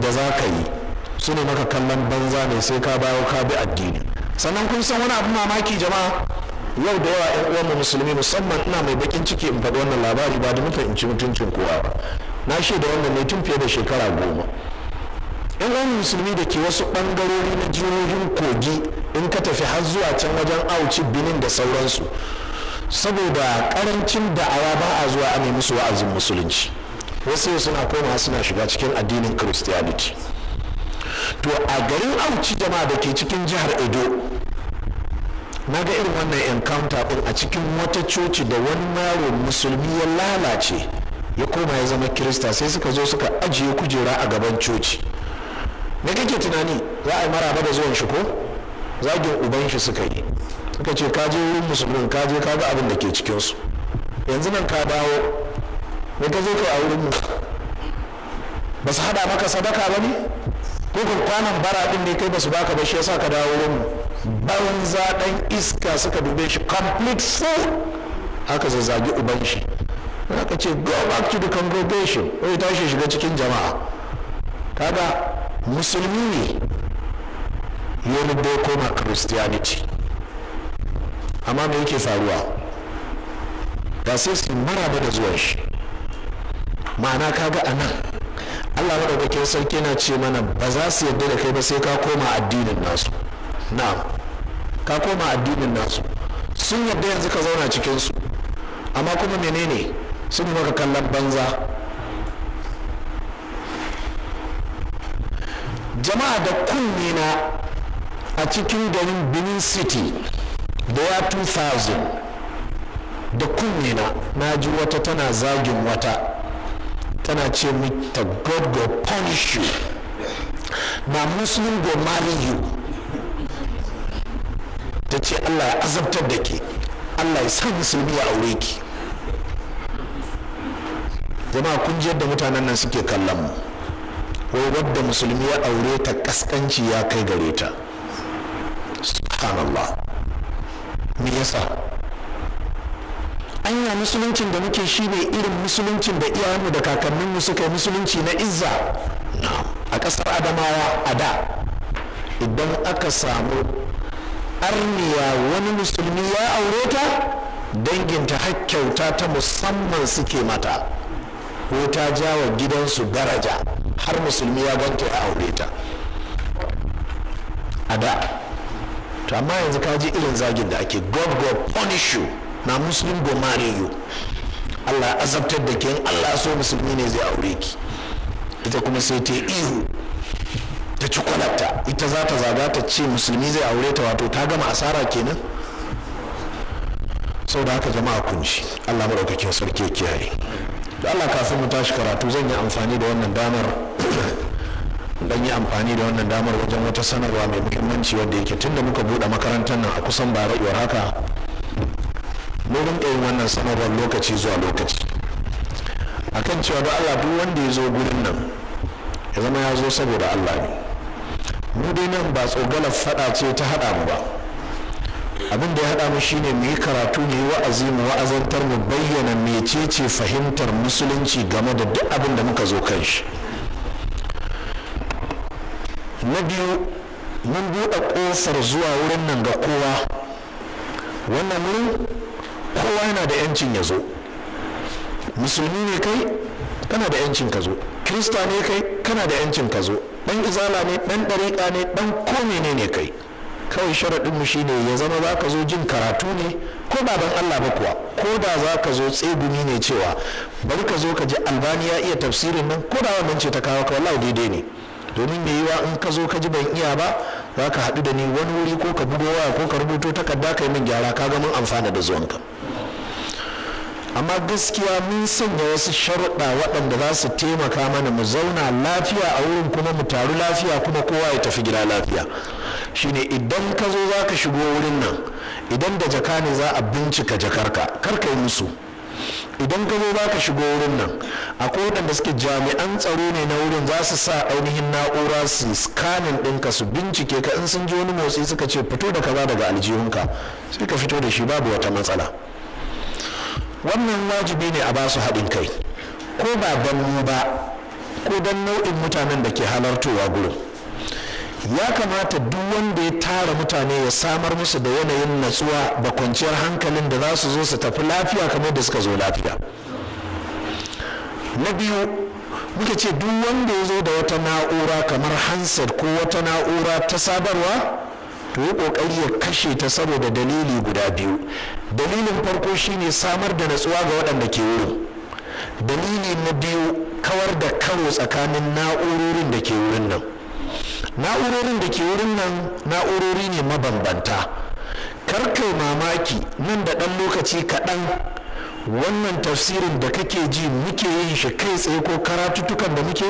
da za ka yi su ne maka kallon banza ne sai ka bayo ka bi addini sannan kun san wani abu mamaki jama'a yau da yawa yan uwanmu musulmi musamman ina mai bakin ciki in faɗi wannan labari ba da muka in ci mutuncin kowa ba na da wannan ne tun fiye da shekara goma yan uwanmu musulmi da ke wasu ɓangarori na jihohin kogi in ka tafi har zuwa can wajen auci binin da sauransu saboda karancin da'awa ba a zuwa a musu wa'azin musulunci wasu yau suna koma suna shiga cikin addinin christianity to a garin auci jama'a da ke cikin jihar edo na ga irin wannan encounter din a cikin wata coci da wani yaro musulmi ya lalace ya koma ya zama kirista sai suka zo suka ajiye kujera a gaban coci me kake tunani za a yi maraba da zuwan shi ko zagin uban shi suka yi suka ce ka wurin musulmin ka je ga abin da ke cikinsu yanzu nan ka dawo ko ka zo a wurin mu ba su hada maka sadaka ba ne ko kwanan bara din ne kai ba su baka ba shi yasa ka dawo wurin mu banza dan iska suka dube shi complete fool haka zazzagi uban shi ka ce go back to the congregation wai tashi shiga cikin jama'a kaga musulmi ne yoni dai koma christianity amma me yake faruwa ga sai su maraba da zuwan shi ma'ana ka ga anan allah maɗaukakin sarki na ce mana ba za su yarda da kai ba sai ka koma addinin nasu na ka koma addinin nasu sun yarda yanzu ka zauna cikinsu amma kuma menene sun maka kallon banza jama'a da kunne na a cikin garin benin city da ya 2000 da kunne na ji wata tana zagin wata tana ce mata god go punish you na muslim go marry you ta ce allah ya azabtar da ke allah ya sa musulmi ya aure ki jama'a kun ji yadda mutanen nan suke kallon mu wai wadda musulmi ya aure ta kaskanci ya kai gare ta subhanallah me yasa anya musuluncin da muke shi ne irin musuluncin da iyayenmu da kakanninmu suka yi musulunci na izza a ƙasar adamawa a da idan aka samu arniya wani musulmi ya aure ta danginta hakkyauta ta musamman suke mata ko ta jawa gidansu daraja har musulmi ya ganta ya aure ta a da to amma yanzu ka ji irin zagin da ake god god punish you na muslim go marry Allah azabtar da ke Allah so musulmi ne zai aure ki ita kuma sai ta ihu ta ci kwalata ita za ta zaga ta ce musulmi zai aure ta wato ta gama asara kenan sau da haka jama'a kunshi shi Allah maɗaukakin sarki ya kiyaye da Allah kafin mu tashi karatu zan yi amfani da wannan damar dan yi amfani da wannan damar wajen wata sanarwa mai muhimmanci wanda yake tunda muka buɗe makarantar nan a kusan bara haka mun ɗaya wannan sanarwar lokaci zuwa lokaci a kan cewa da allah duk wanda ya zo gurin nan ya zama ya zo saboda allah ne mu dai nan ba tsogalar faɗa ce ta haɗa mu ba abin da ya haɗa mu shine mu yi karatu mu yi wa'azi mu wa'azantar mu bayyana mecece fahimtar musulunci game da duk abin da muka zo kan shi na biyu mun buɗe ƙofar zuwa wurin nan ga kowa wannan wurin kowa yana da yancin ya zo musulmi ne kai kana da yancin ka zo krista ne kai kana da yancin ka zo dan izala ne dan dariƙa ne dan ko ne ne kai kawai sharaɗin mu shine ya zama za ka zo jin karatu ne ko ba dan Allah ba kuwa ko da za ka zo tsegumi ne cewa bari ka zo ka ji albani ya iya tafsirin nan ko da wannan ce ta kawo ka wallahi daidai ne domin me yiwa in ka zo ka ji ban iya ba za ka haɗu da ni wani wuri ko ka bugo waya ko ka rubuto takarda ka yi min gyara ka ga mun amfana da zuwanka amma gaskiya mun sanya wasu sharuɗa waɗanda za su taimaka mana mu zauna lafiya a wurin kuma mu taru lafiya kuma kowa ya tafi gida lafiya shine idan ka zo za ka shigo wurin nan idan da jaka ne za a bincika jakarka kar ka yi musu idan ka zo za ka shigo wurin nan akwai waɗanda suke jami'an tsaro ne na wurin za su sa ainihin na'ura su scanning ɗinka su bincike ka in sun ji wani motsi suka ce fito da kaza daga aljihunka sai ka fito da shi babu wata matsala wannan wajibi ne a ba su haɗin kai ko ba don mu ba ko don nau'in mutanen da ke halartowa gurin ya kamata duk wanda ya tara mutane ya samar musu da yanayin natsuwa da kwanciyar hankalin da za su zo su tafi lafiya kamar da suka zo lafiya na biyu muka ce duk wanda ya zo da wata na'ura kamar hansar ko wata na'ura ta sadarwa to yi kokari ya kashe ta saboda dalili guda biyu dalilin farko shine samar da natsuwa ga waɗanda ke wurin dalili na biyu kawar da karo tsakanin na'urorin da ke wurin nan na'urorin da ke wurin nan na'urori ne mabambanta kar kai mamaki nan da ɗan lokaci kaɗan wannan tafsirin da kake ji muke yin shi kai tsaye ko karatutukan da muke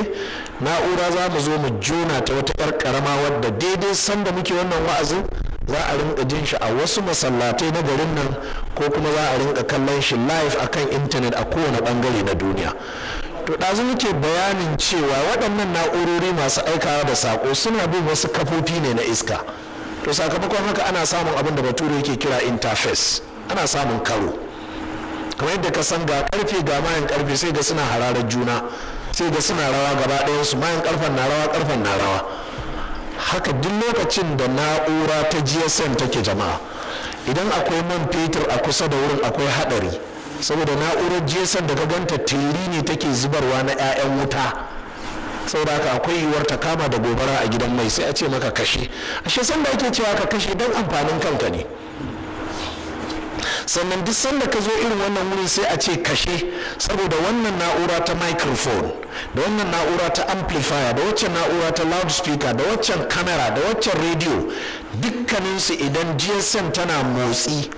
na'ura za mu zo mu jona ta wata 'yar karama wadda daidai sanda muke wannan wa'azin za a rinka jin shi a wasu masallatai na garin nan ko kuma za a rinka kallon shi live kan intanet a kowane bangare na duniya to ɗazu muke bayanin cewa waɗannan na'urori masu aikawa da saƙo suna bin wasu kafofi ne na iska to sakamakon haka ana samun abin da bature yake kira interface ana samun karo kamar yadda ka san ga karfe ga mayan karfe sai da suna hararar juna sai da suna rawa gaba ɗayan su mayan karfen na rawa karfen na rawa haka duk lokacin da na'ura ta gsm take jama'a idan akwai man fetur a kusa da wurin akwai haɗari saboda na'urar gsm da ka ganta teri ne take zubarwa na 'ya'yan wuta saboda haka akwai yiwuwar ta kama da gobara a gidan mai sai a ce maka kashe ashe san da ake cewa ka kashe don amfanin kanka ne sannan duk sanda ka zo irin wannan wurin sai a ce kashe saboda wannan na'ura ta microphone da wannan na'ura ta amplifier da waccan na'ura ta loudspeaker da waccan camera da waccan radio dukkaninsu idan gsm tana motsi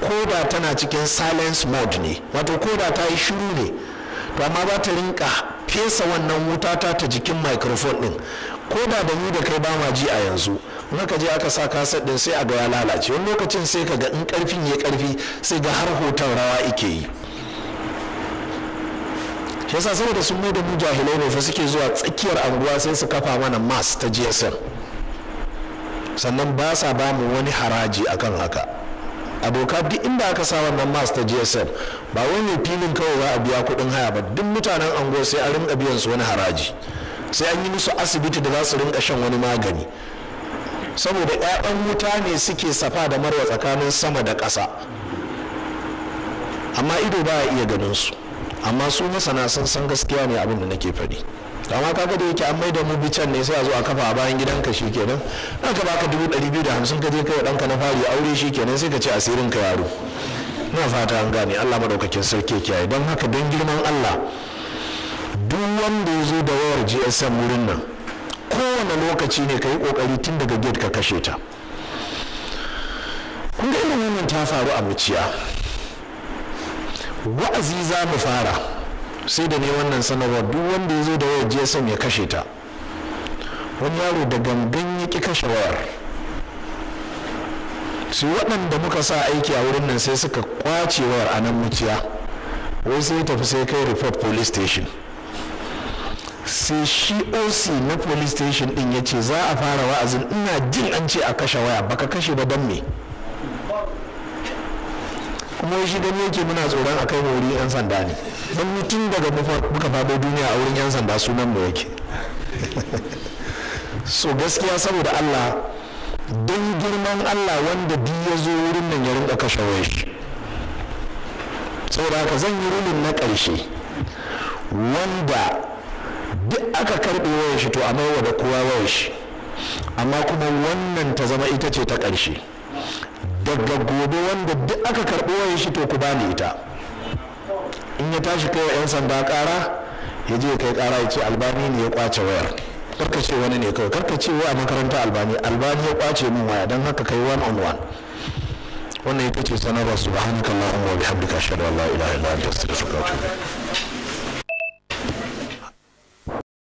koda tana cikin silence mode ne wato koda ta yi shiru ne to amma ba ta rinka fesa wannan wuta ta jikin microphone din koda da mu da kai ba ma ji a yanzu in ka je aka sa kasar din sai a ga ya lalace wani lokacin sai ka ga in karfi ya karfi sai ga har hoton rawa ike yi shi yasa saboda sun mai da mu jahilai ne fa suke zuwa tsakiyar anguwa sai su kafa mana mas ta gsm sannan ba sa ba mu wani haraji akan haka aboka duk inda aka sa wannan mas ta gsm ba wani filin kawai za a biya kuɗin haya ba duk mutanen anguwa sai a rinka biyan su wani haraji sai an yi musu asibiti da za su rinka shan wani magani saboda 'ya'yan wuta ne suke safa da marwa tsakanin sama da ƙasa amma ido ba iya ganin su amma su masana sun san gaskiya ne abin da nake faɗi amma kaga da yake an mai da mu bican ne sai a zo a kafa a bayan gidanka shi kenan na ka baka dubu ɗari biyu da hamsin ka je kai wa ɗanka na fari aure shi kenan sai ka ce asirin ka yaro na fata an gane allah maɗaukakin sarki kiyaye don haka don girman allah duk wanda ya zo da wayar gsm wurin nan kowane lokaci ne ka yi ƙoƙari tun daga gate ka kashe ta kun ga irin wannan ta faru a muciya wa'azi za mu fara sai da ne wannan sanarwar duk wanda ya zo da wayar gsm ya kashe ta wani yaro da gangan ya ki kashe wayar su waɗanda muka sa aiki a wurin nan sai suka kwace wayar a nan muciya wai sai tafi sai kai report police station sai shi oc na police station din ya ce za a fara wa'azin ina jin an ce a kashe waya baka kashe ba don me kuma shi gani yake muna tsoron a kai wurin yan sanda ne don mutum daga muka faɗo duniya a wurin yan sanda sunan mu yake so gaskiya saboda allah don girman allah wanda duk ya zo wurin nan ya rinka kashe waya shi saboda haka zan yi rulin na ƙarshe wanda duk aka karɓe wayar shi to a maiwa da kowa waya shi amma kuma wannan ta zama ita ce ta ƙarshe daga gobe wanda duk aka karɓi wayar shi to ku bani ita in ya tashi kai wa 'yan sanda ƙara ya je kai ƙara ya ce albani ne ya ƙwace wayar karka ce wani ne kawai karka ce wa a makaranta albani albani ya ƙwace min waya don haka kai one on one wannan ita ce sanarwa subhanakallahumma wa bihamdika ashhadu an la ilaha illa anta astaghfiruka wa atubu